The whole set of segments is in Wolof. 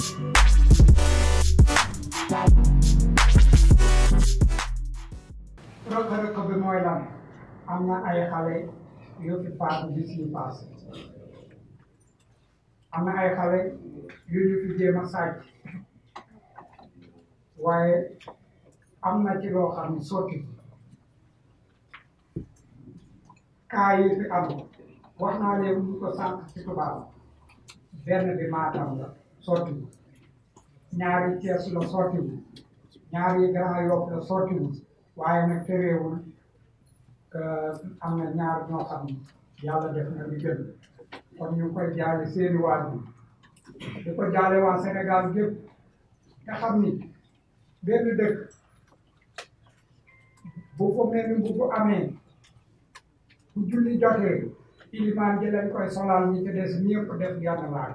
rëkk-rëkk bi mooy lan am na ay xale yu fi faatu bis yi passé am na ay xale yu fi jéem a sàcc waaye am na ci loo xam ne sotti yi fi am wax naa leen ñu ko sànq ci benn bi maatam la sottiwu ñaari Cees la sottiwu ñaari Grand Yoff la sottiwu waaye nag tereewul am na ñaar ñoo xam ne yàlla def na li gën kon ñu koy jaale seeni waajur di ko jaale waa Sénégal gépp nga xam ni benn dëkk bu ko mel bu ko amee bu julli jotee ilimaan ji lañ koy solal ñi ci des ñëpp def genn laaj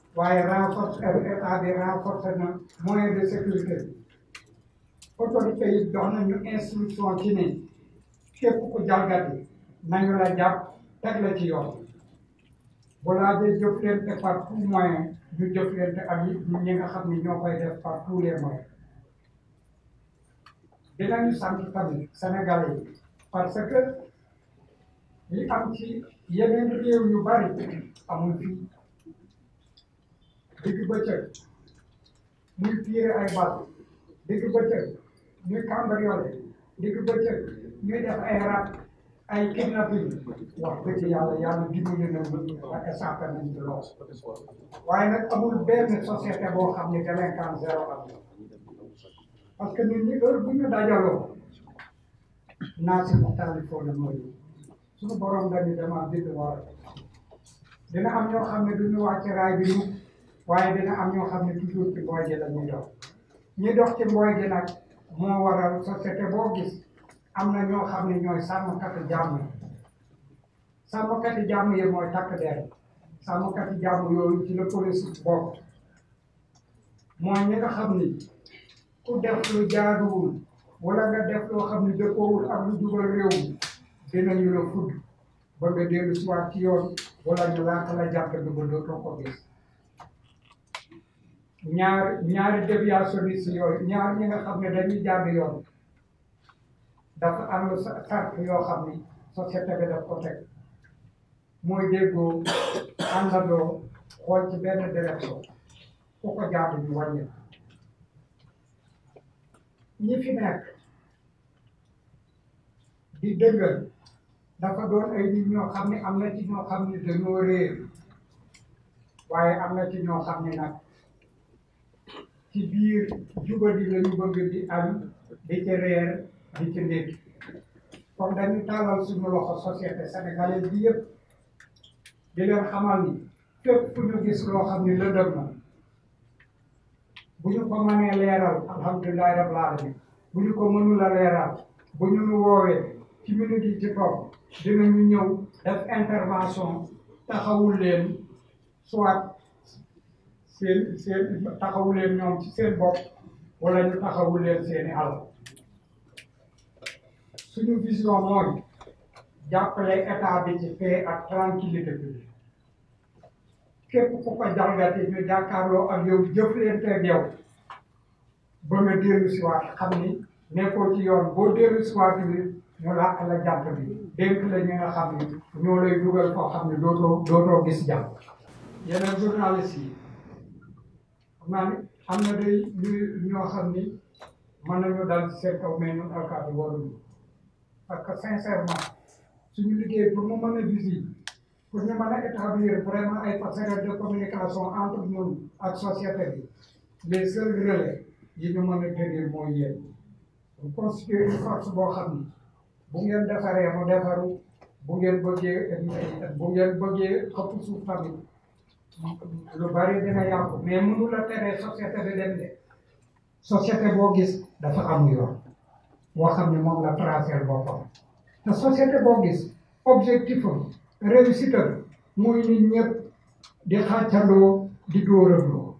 why Ramaphosa, are they Ramaphosa now? More the security. Autorité yi dox nañu instruction ci ne képp ku jalgati nañu la jàpp teg la ci yoon bu laa dee jëflante par tout moyen ñu jëflante ak ñi nga xam ne ñoo koy def par tous les moyens. dinañu sant tamit Sénégalais yi parce que li am ci yeneen réew yu bari amul fii. digg bëccëg muy tiire ay bal digg bëccëg muy cambriolé digg bëccëg ñuy def ay rab ay kidnapping wax dëgg yàlla yàlla dimbali na ba échappé nañ ci loolu waaye nag amul benn société boo xam ne délinquant zéro am parce que nit ñi heure bu ñu dajaloo naa si tàlli foo na mooy borom nga ni dama bind war dina am ñoo xam ne duñu wàcc raay bi waaye dina am ñoo xam ne toujours ci mbooy gi la ñuy dox ñu dox ci mbooy nag moo waral société boo gis am na ñoo xam ne ñooy sàmmkatu jàmm yi sàmmkati jàmm yi mooy takk der sàmmkati jàmm yooyu ci la police bokk mooy ñi nga xam ni ku def lu jaaduwul wala nga def loo xam ne dëppoowul ak lu jubal réew mi dinañu la fudd ba nga dellu si waat ci yoon wala ñu laata la jàpp ba dootoo ko gis ñaar a déviationniste yooyu ñaar ñi nga xam ne dañuy jàdd yoon dafa am sart yoo xam ni société bi daf ko teg mooy déggoo àndandoo xool ci benn direction ku ko jàdd ñu wàññi ñi fi nekk di dëggal dafa doon ay nit ñoo xam ne am na ci ñoo xam ne dañoo waaye am na ci ñoo xam ne nag ci biir jubadi la ñu bëgg di am di ca reer di ca ndékki kon dañu tàllal suñu loxo société sénégalaise bi yëpp di leen xamal ni fépp fu ñu gis loo ni lëndëm na bu ñu ko mënee leeral alhamdulilahi rabbil alamin bu ñu ko mënula leeral bu ñu nu woowee ci minute yi ci kaw dinañu ñëw def intervention taxawul leen seen seen taxawu leen ñoom ci seen bopp wala ñu taxawu seeni alal suñu vision mooy jàppale état ci paix ak tranquillité publique képp ku ko jalgati ñu jàkkaarloo ak yow jëflante ak ba nga dellu si xam ni nekkoo ci yoon boo dellu si bi ñu làkk la jàpp bi dénk la ñi nga xam ni ñoo lay dugal koo xam ne dootoo dootoo gis jàpp yeneen journaliste yi maanaam am na day ñu ñoo xam ni mën nañu dal ci seen kaw mais ñun alkaati waruñu parce que sincèrement suñu liggéey pour mu mën a visible pour ñu mën a établir vraiment ay passerelles de communication entre ñun ak société bi les seuls relais yi ñu mën a tenir pour constituer une force boo xam ni bu ngeen defaree mu defaru bu ngeen bëggee bu ngeen bëggee xëpp lu bari dina yàqu mais mënu la tere société bi dem de société boo gis dafa am yoon boo xam ne moom la tracé boppam te société boo gis objectif am réussite am muy nit ñëpp di xàccandoo di dóorandoo